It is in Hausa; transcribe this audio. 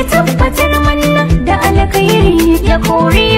ya tabbatar mana da alkhairi ya kore